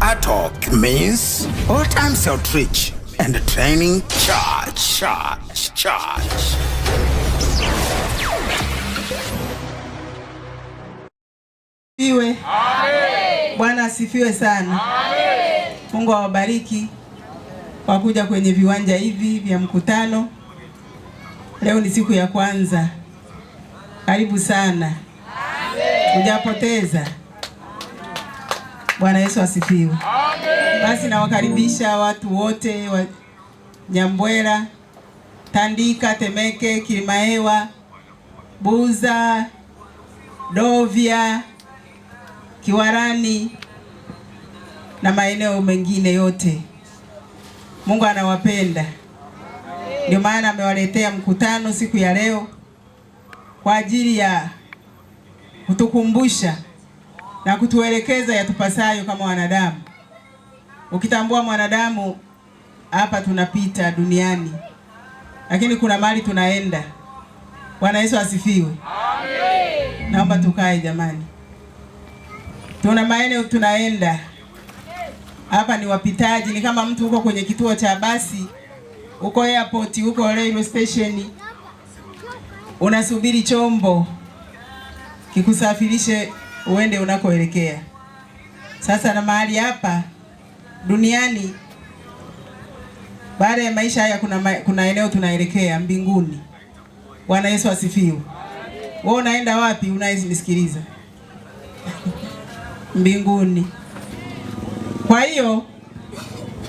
Atok means all times outreach and training charge, charge, charge. Iwe. Bwana asifiwe sana. Amen. Mungu awabariki kwa kuja kwenye viwanja hivi vya mkutano. Leo ni siku ya kwanza karibu sana, hujapoteza. Bwana Yesu asifiwe. Basi nawakaribisha watu wote wa Nyambwera, Tandika, Temeke, Kilimahewa, Buza, Dovya, Kiwarani na maeneo mengine yote. Mungu anawapenda, ndio maana amewaletea mkutano siku ya leo kwa ajili ya kutukumbusha na kutuelekeza yatupasayo kama wanadamu. Ukitambua mwanadamu, hapa tunapita duniani, lakini kuna mahali tunaenda. Bwana Yesu asifiwe, amen. Naomba tukae jamani, tuna maeneo tunaenda hapa ni wapitaji, ni kama mtu uko kwenye kituo cha basi, uko airport, uko railway station unasubiri chombo kikusafirishe uende unakoelekea. Sasa na mahali hapa duniani, baada ya maisha haya kuna, ma kuna eneo tunaelekea mbinguni. Bwana Yesu asifiwe. Wewe unaenda wapi? Unayenisikiliza, mbinguni. Kwa hiyo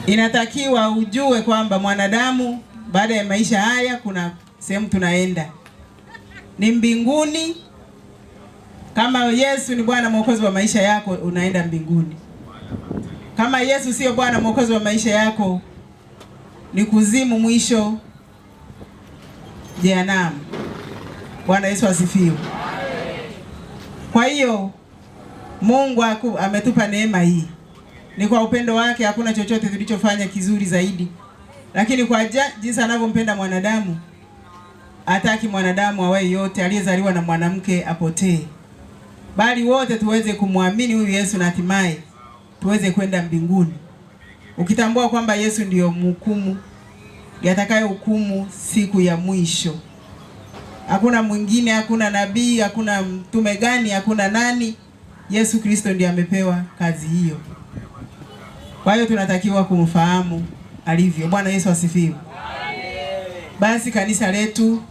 inatakiwa ujue kwamba mwanadamu baada ya maisha haya kuna sehemu tunaenda ni mbinguni. Kama Yesu ni Bwana Mwokozi wa maisha yako, unaenda mbinguni. Kama Yesu sio Bwana Mwokozi wa maisha yako, ni kuzimu, mwisho jehanamu. Bwana Yesu asifiwe. Kwa hiyo Mungu aku, ametupa neema hii, ni kwa upendo wake, hakuna chochote tulichofanya kizuri zaidi, lakini kwa jinsi anavyompenda mwanadamu hataki mwanadamu awaye yote aliyezaliwa na mwanamke apotee, bali wote tuweze kumwamini huyu Yesu na hatimaye tuweze kwenda mbinguni, ukitambua kwamba Yesu ndiyo mhukumu yatakayo hukumu siku ya mwisho. Hakuna mwingine, hakuna nabii, hakuna mtume gani, hakuna nani. Yesu Kristo ndiye amepewa kazi hiyo. Kwa hiyo tunatakiwa kumfahamu alivyo. Bwana Yesu asifiwe. Basi kanisa letu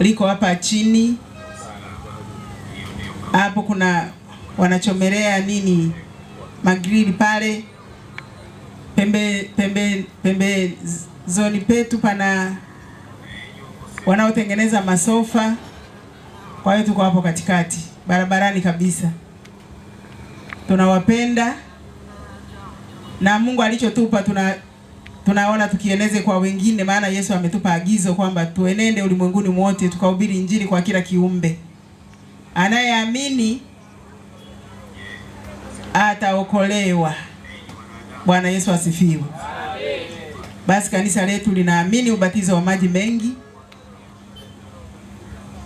liko hapa chini hapo, kuna wanachomelea nini magrili pale pembe pembe pembe zoni petu pana wanaotengeneza masofa. Kwa hiyo tuko hapo katikati barabarani kabisa. Tunawapenda na Mungu alichotupa tuna tunaona tukieneze kwa wengine, maana Yesu ametupa agizo kwamba tuenende ulimwenguni mwote tukahubiri injili kwa kila kiumbe. Anayeamini ataokolewa. Bwana Yesu asifiwe. Basi kanisa letu linaamini ubatizo wa maji mengi.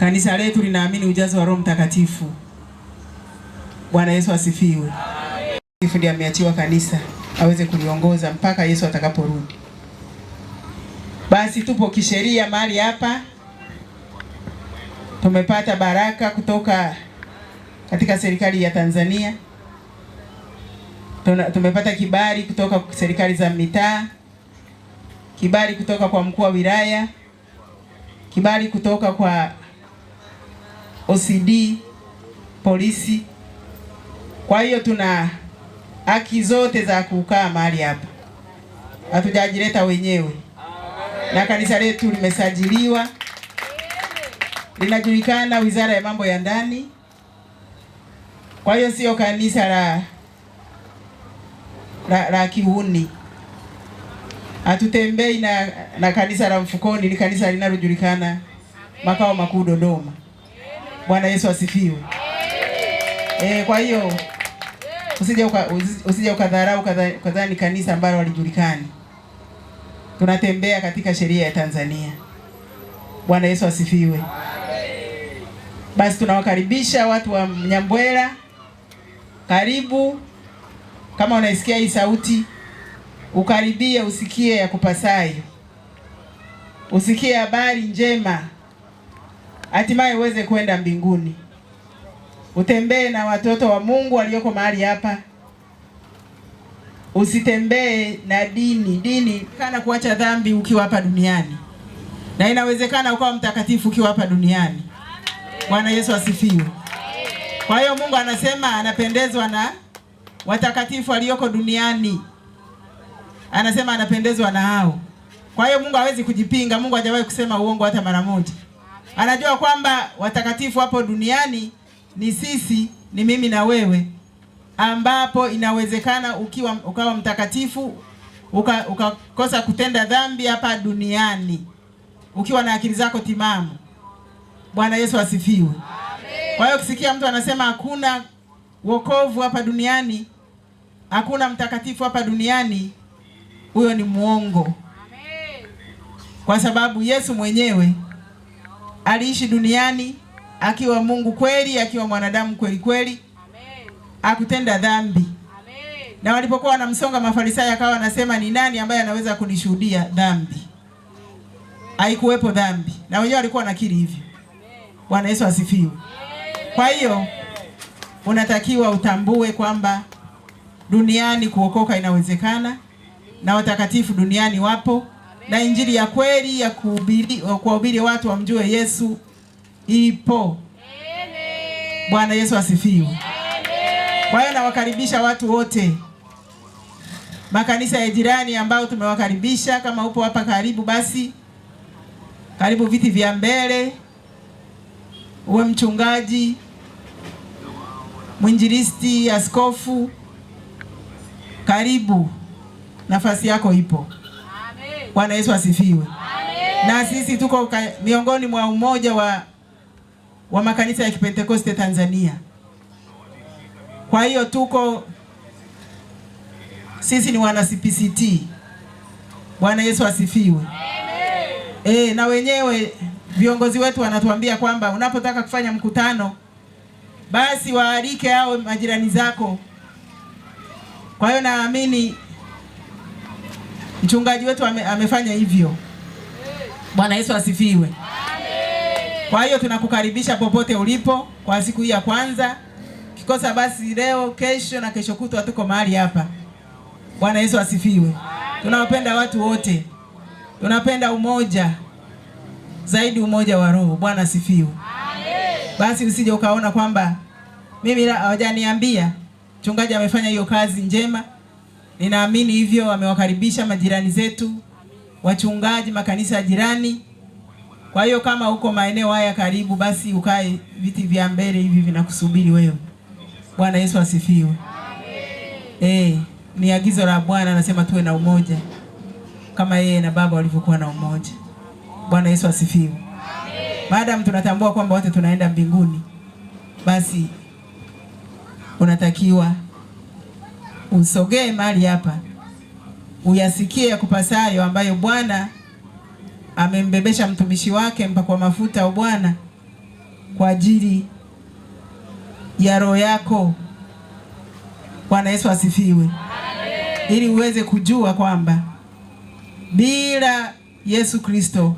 Kanisa letu linaamini ujazo wa Roho Mtakatifu. Bwana Yesu asifiwe. Ndiye ameachiwa kanisa aweze kuliongoza mpaka Yesu atakaporudi. Basi tupo kisheria mahali hapa, tumepata baraka kutoka katika serikali ya Tanzania, tumepata kibali kutoka serikali za mitaa, kibali kutoka kwa mkuu wa wilaya, kibali kutoka kwa OCD polisi. Kwa hiyo tuna haki zote za kukaa mahali hapa, hatujajileta wenyewe, na kanisa letu limesajiliwa, linajulikana Wizara ya Mambo ya Ndani. Kwa hiyo sio kanisa la la, la kiuni. Hatutembei na, na kanisa la mfukoni, ni kanisa linalojulikana makao makuu Dodoma. Bwana Yesu asifiwe. E, kwa hiyo usije usije ukadharau ukadhani kanisa ambalo walijulikani. Tunatembea katika sheria ya Tanzania. Bwana Yesu asifiwe. Basi tunawakaribisha watu wa mnyambwela karibu. Kama unaisikia hii sauti, ukaribie, usikie ya kupasayo, usikie habari njema, hatimaye uweze kwenda mbinguni. Utembee na watoto wa Mungu walioko mahali hapa, usitembee na dini. Dini kana kuacha dhambi ukiwa hapa duniani, na inawezekana ukawa mtakatifu ukiwa hapa duniani. Bwana Yesu asifiwe. Kwa hiyo Mungu anasema anapendezwa na watakatifu walioko duniani, anasema anapendezwa na hao. Kwa hiyo Mungu hawezi kujipinga. Mungu hajawahi kusema uongo hata mara moja. Anajua kwamba watakatifu hapo duniani ni sisi, ni mimi na wewe, ambapo inawezekana ukiwa ukawa mtakatifu uka, ukakosa kutenda dhambi hapa duniani ukiwa na akili zako timamu. Bwana Yesu asifiwe. Kwa hiyo ukisikia mtu anasema hakuna wokovu hapa duniani, hakuna mtakatifu hapa duniani, huyo ni mwongo, kwa sababu Yesu mwenyewe aliishi duniani akiwa Mungu kweli, akiwa mwanadamu kweli kweli, akutenda dhambi Amen. Na walipokuwa wanamsonga Mafarisayo, akawa anasema ni nani ambaye anaweza kunishuhudia dhambi? Haikuwepo dhambi, na wenyewe walikuwa nakiri hivyo. Bwana Yesu asifiwe. Kwa hiyo unatakiwa utambue kwamba duniani kuokoka inawezekana, na watakatifu duniani wapo, na injili ya kweli ya kuhubiri, kuwahubiri watu wamjue Yesu ipo. Bwana Yesu asifiwe. Kwa hiyo nawakaribisha watu wote makanisa ya jirani ambao tumewakaribisha. Kama upo hapa karibu, basi karibu viti vya mbele, uwe mchungaji, mwinjilisti, askofu, karibu, nafasi yako ipo. Bwana Yesu asifiwe. Na sisi tuko miongoni mwa umoja wa wa makanisa ya Kipentekoste Tanzania. Kwa hiyo tuko sisi ni wana CPCT. Bwana Yesu asifiwe. E, na wenyewe viongozi wetu wanatuambia kwamba unapotaka kufanya mkutano basi waalike hao majirani zako. Kwa hiyo naamini mchungaji wetu ame, amefanya hivyo. Bwana Yesu asifiwe. Kwa hiyo tunakukaribisha popote ulipo kwa siku hii ya kwanza, kikosa basi leo, kesho na kesho kutwa tuko mahali hapa. Bwana Yesu asifiwe. Tunawapenda watu wote, tunapenda umoja zaidi, umoja wa roho. Bwana asifiwe. Basi usije ukaona kwamba mimi hawajaniambia mchungaji amefanya hiyo kazi njema. Ninaamini hivyo, amewakaribisha majirani zetu, wachungaji, makanisa ya jirani kwa hiyo kama uko maeneo haya karibu, basi ukae, viti vya mbele hivi vinakusubiri wewe. Bwana Yesu asifiwe. Eh, ni agizo la Bwana, anasema tuwe na umoja kama yeye na Baba walivyokuwa na umoja. Bwana Yesu asifiwe. Maadamu tunatambua kwamba wote tunaenda mbinguni, basi unatakiwa usogee mahali hapa uyasikie ya kupasayo ambayo Bwana amembebesha mtumishi wake mpakwa mafuta wa Bwana kwa ajili ya roho yako. Bwana Yesu asifiwe, ili uweze kujua kwamba bila Yesu Kristo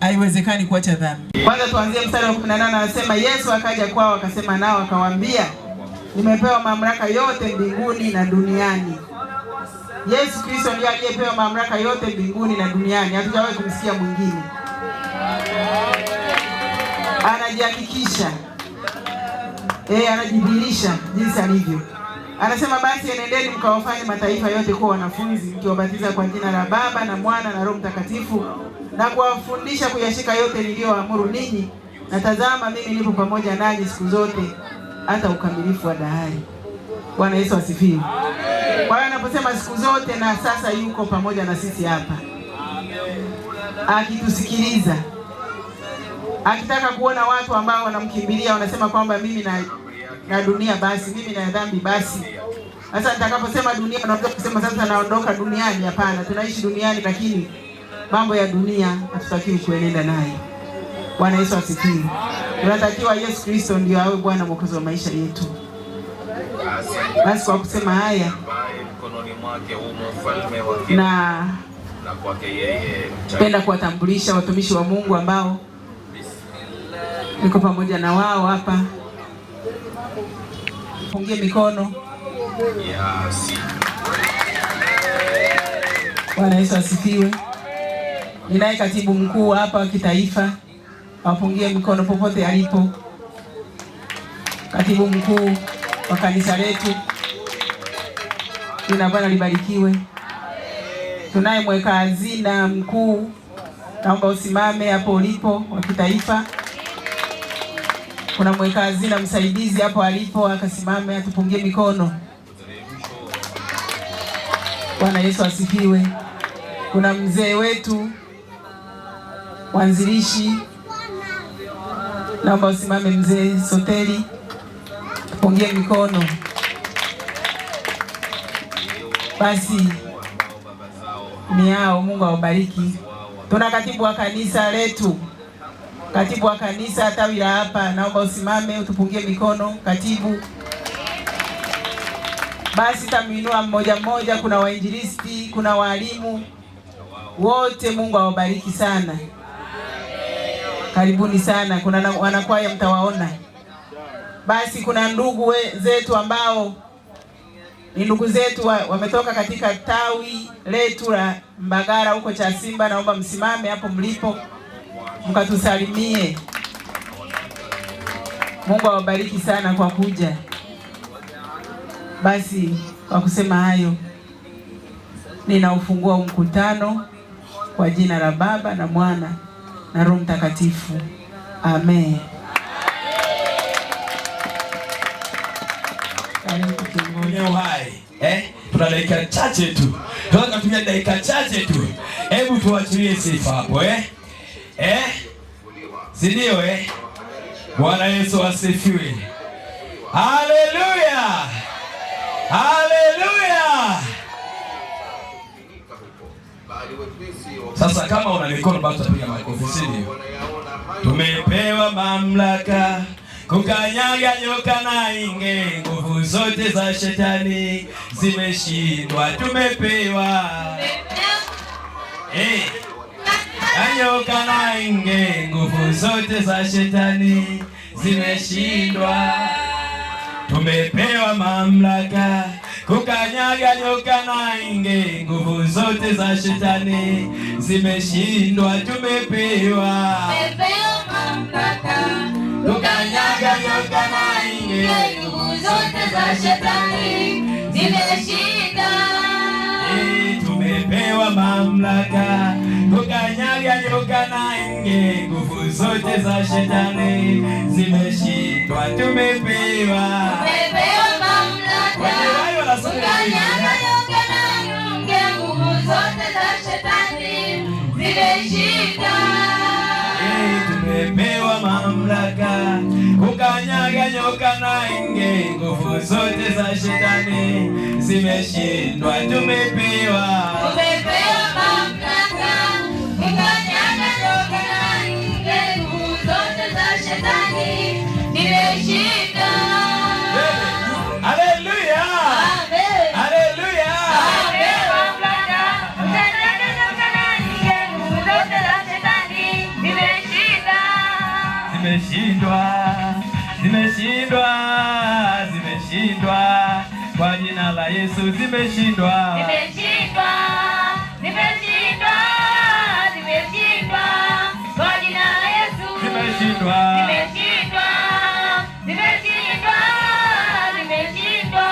haiwezekani kuacha dhambi. Kwanza tuanzie mstari wa 18, anasema Yesu akaja kwao akasema nao akawaambia, nimepewa mamlaka yote mbinguni na duniani Yesu Kristo ndiye aliyepewa mamlaka yote mbinguni na duniani, hatujawahi kumsikia mwingine. Anajihakikisha eh, anajidhihirisha jinsi alivyo. Anasema basi, enendeni mkawafanye mataifa yote kuwa wanafunzi, mkiwabatiza kwa jina la Baba na Mwana na Roho Mtakatifu, na kuwafundisha kuyashika yote niliyoamuru ninyi, na tazama, mimi nipo pamoja nanyi siku zote hata ukamilifu wa dahari. Bwana Yesu asifiwe. Kwa hiyo anaposema siku zote na sasa yuko pamoja na sisi hapa akitusikiliza, akitaka kuona watu ambao wanamkimbilia wanasema kwamba mimi na, na dunia basi, mimi na dhambi basi. Sasa nitakaposema dunia, naweza kusema sasa naondoka duniani? Hapana, tunaishi duniani, lakini mambo ya dunia hatutakiwi kuenenda naye. Bwana Yesu asifiwe. Tunatakiwa Yesu Kristo ndio awe Bwana mwokozi wa maisha yetu. Basi kwa kusema haya na penda kuwatambulisha watumishi wa Mungu ambao niko pamoja na wao hapa, pungie mikono. Bwana Yesu asifiwe. Ninaye katibu mkuu hapa wa kitaifa, awapungie mikono popote alipo katibu mkuu wa kanisa letu. Jina Bwana libarikiwe. Tunaye mweka hazina mkuu, naomba usimame hapo ulipo, wa kitaifa. Kuna mweka hazina msaidizi hapo alipo, akasimame atupungie mikono. Bwana Yesu asifiwe. Kuna mzee wetu mwanzilishi, naomba usimame mzee Soteli. Pungie mikono basi, ni hao. Mungu awabariki. Tuna katibu wa kanisa letu, katibu wa kanisa tawi la hapa, naomba usimame utupungie mikono katibu. Basi tamuinua mmoja mmoja, kuna wainjilisti, kuna waalimu wote, Mungu awabariki sana, karibuni sana. Kuna wanakwaya mtawaona basi kuna ndugu zetu ambao ni ndugu zetu wa, wametoka katika tawi letu la Mbagara huko Chasimba. Naomba msimame hapo mlipo mkatusalimie. Mungu awabariki sana kwa kuja. Basi kwa kusema hayo, ninaufungua mkutano kwa jina la Baba na Mwana na Roho Mtakatifu, amen. mwenyewe eh, tuna dakika chache tu, tunaweza dakika chache tu. Hebu tuachilie sifa hapo eh, eh, si ndio? Eh, Bwana Yesu asifiwe, haleluya, haleluya. Sasa kama una mikono bado, tutapiga makofi, si ndio? Tumepewa mamlaka Kumkanyaga nyoka na inge, nguvu zote za shetani zimeshindwa, tumepewa hey. Eh, nyoka na inge, nguvu zote za shetani zimeshindwa, tumepewa mamlaka kukanyaga nyoka na inge, nguvu zote za shetani zimeshindwa, tumepewa tumepewa mamlaka tukanyaganyanga na inge, nguvu zote za shetani zimeshinda. E, tumepewa mamlaka tukanyaganyanga na inge, nguvu zote za shetani zimeshindwa. Tumepewa nguvu zote za shetani zimeshinda umepewa mamlaka kukanyaga nyoka na nge, nguvu zote za shetani zimeshindwa. Tumepewa mamlaka zimeshindwa, zimeshindwa, zimeshindwa kwa jina la Yesu zimeshindwa, zimeshindwa, zimeshindwa, zimeshindwa kwa jina la Yesu zimeshindwa, zimeshindwa, zimeshindwa, zimeshindwa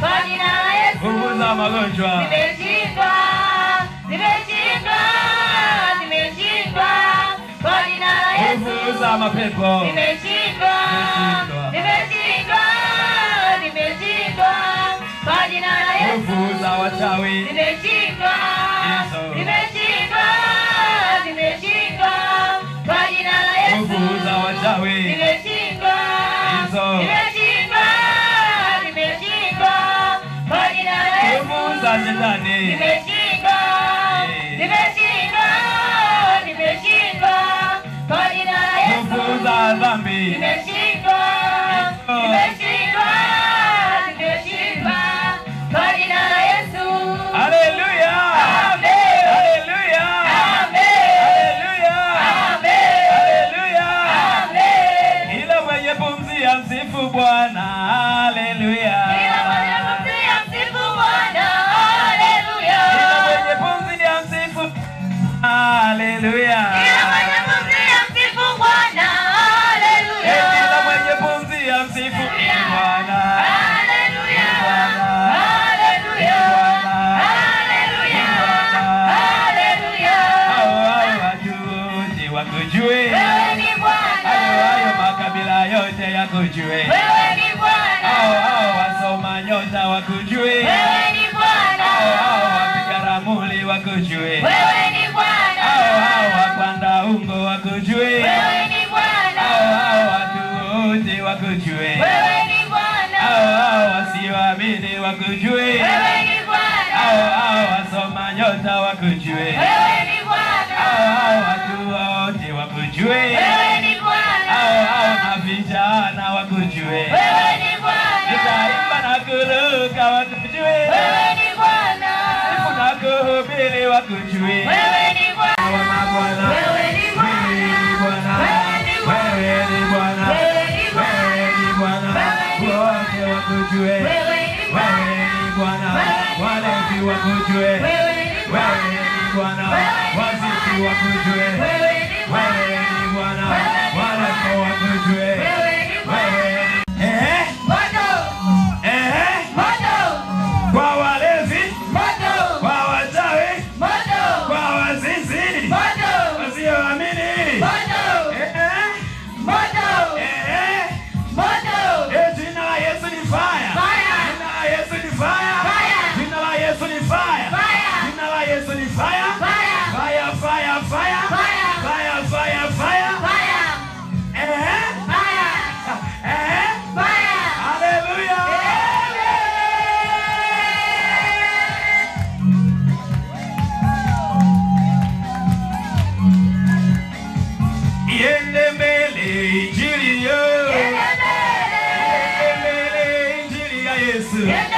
kwa jina la Yesu. Nguvu za magonjwa zimeshindwa Nguvu za mapepo. Nimeshindwa. Nimeshindwa. Nimeshindwa. Kwa jina la Yesu. Nguvu za wachawi. Nimeshindwa. Nimeshindwa. Nimeshindwa. Kwa jina la Yesu. Nguvu za wachawi. Nimeshindwa. Nimeshindwa. Nimeshindwa. Kwa jina la Yesu. Nguvu za shetani. Nimeshindwa. Nimeshindwa. za dhambi nimeshindwa language you Wewe ni Bwana, wala hawakujue Yeah.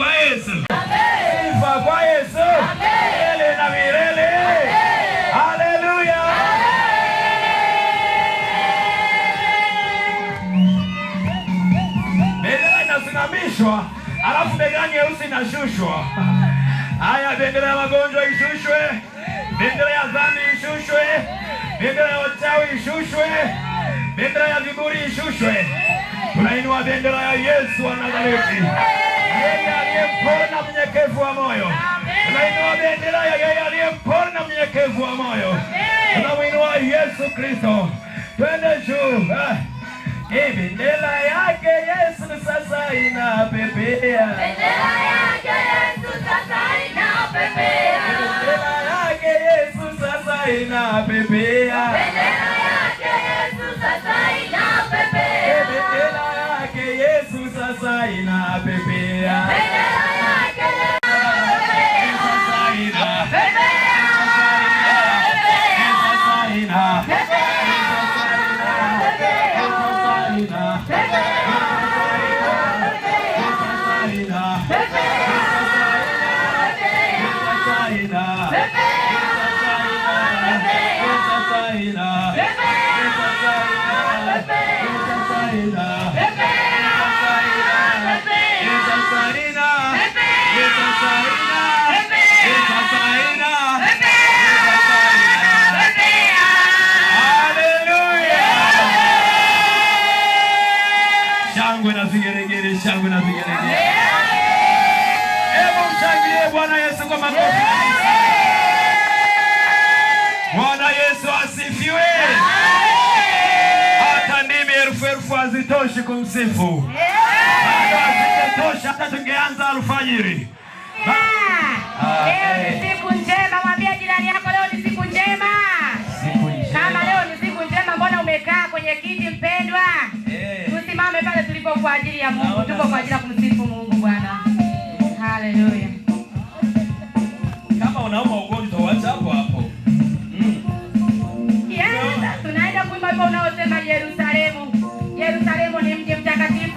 kwa Yesu, sifa kwa Yesu milele na milele. Haleluya! Bendera inasimamishwa, alafu bendera nyeusi inashushwa. Haya, bendera ya magonjwa ishushwe, bendera ya dhambi ishushwe, bendera ya uchawi ishushwe, bendera ya viburi ishushwe. Tunainua bendera ya Yesu wa Nazareti yeye aliyempona mnyenyekevu wa moyo. Tunainua bendera ya yeye aliyempona mnyenyekevu wa moyo. Tunamwinua Yesu Kristo, twende juu. Ah. Bendera yake Yesu sasa inapepea. changu na vigelegele. Hebu mshangilie Bwana Yesu kwa makofi. Bwana Yesu asifiwe. Hata ndimi elfu elfu hazitoshi kumsifu, Hata hazitatosha hata tungeanza alfajiri. Leo ni siku njema, mwambia jirani yako, leo ni siku njema. Kama leo ni siku njema, mbona umekaa kwenye kiti mpendwa? kwa ajili ya Mungu, tuko kwa ajili ya kumsifu Mungu Bwana. Haleluya. Kama unauma ugonjwa wacha hapo hapo. Tunaenda kuimba kwa unaosema Yerusalemu, Yerusalemu ni mji mtakatifu.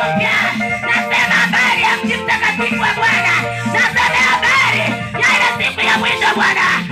moja. Nasema habari ya mji mtakatifu wa Bwana, nasema habari ya ile siku ya mwisho Bwana.